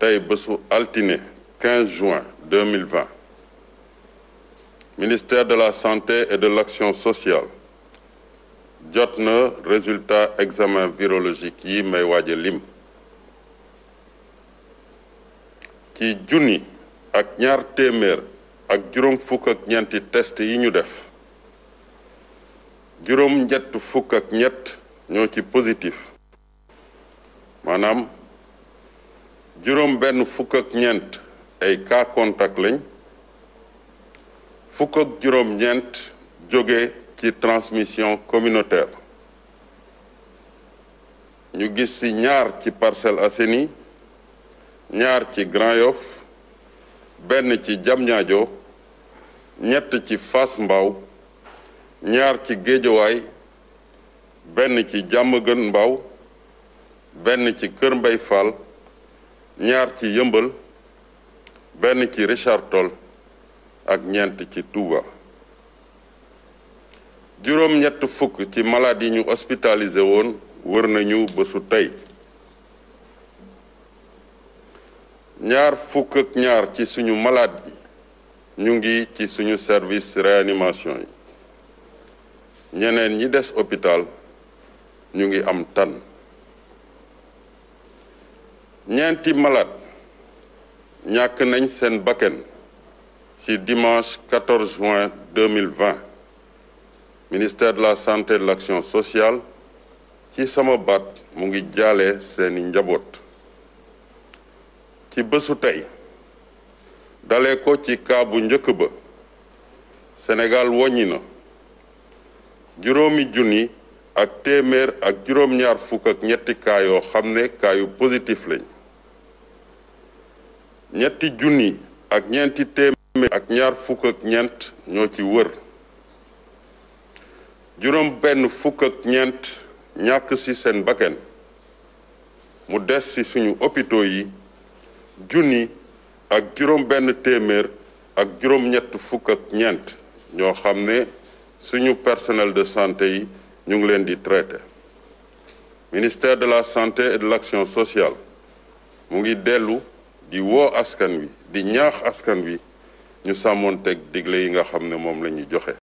tey bésu altine 15 juin 2020 ministère de la santé et de l'action sociale jot na résultat examen virologique yi may waaje lim ci junni ak ñaar téeméer ak juróom fukk ñeenti test yi ñu def juróom ñoo ci positif maanaam juróom benn fukk ak ñeent ay cas contact lañ fukk ak juróom ñeent jóge ci transmission communautaire ñu gis ci ñaar ci Parcelles Assainies ñaar ci Grand Yoff benn ci jamñaajo ñett ci fas Mbao ñaar ci Géejawaay benn ci Diamaguène Mbao benn ci Kër Mbay Fall ñaar ci yëmbal benn ci Richard Toll ak ñeent ci Touba juróom ñett fukk ci malade yi ñu hospitalisé woon wër nañu basu tey ñaar fukk ak ñaar ci suñu malade yi ñu ngi ci suñu service réanimation yi ñeneen ñi des hôpital ñu ngi am tànn ñeenti malaat ñàkk nañ seen bakken ci dimanche 14 juin 2020 ministère de la santé et de l'action sociale ci sama baat mu ngi jaalee seeni njaboot ci bésu tey dalee ko ci cas njëkk ba Sénégal woññi na juróomi junni ak téeméer ak juróom-ñaar fukk ak ñetti cas yoo xam ne cas positif lañ ñetti junni ak ñeenti téeméer ñeent ñoo ci wër juróom ci seen bakken mu des ci suñu hôpitaux yi junni ak juróom benn téeméer ak juróom ñett fukk ak ñeent ñoo xam ne suñu personnel de santé yi ñu ngi leen di traité ministère de la santé et de l'action sociale mu ngi dellu di woo askan wi di ñaax askan wi ñu sàmmoon teg digle yi nga xam ne moom la ñu joxe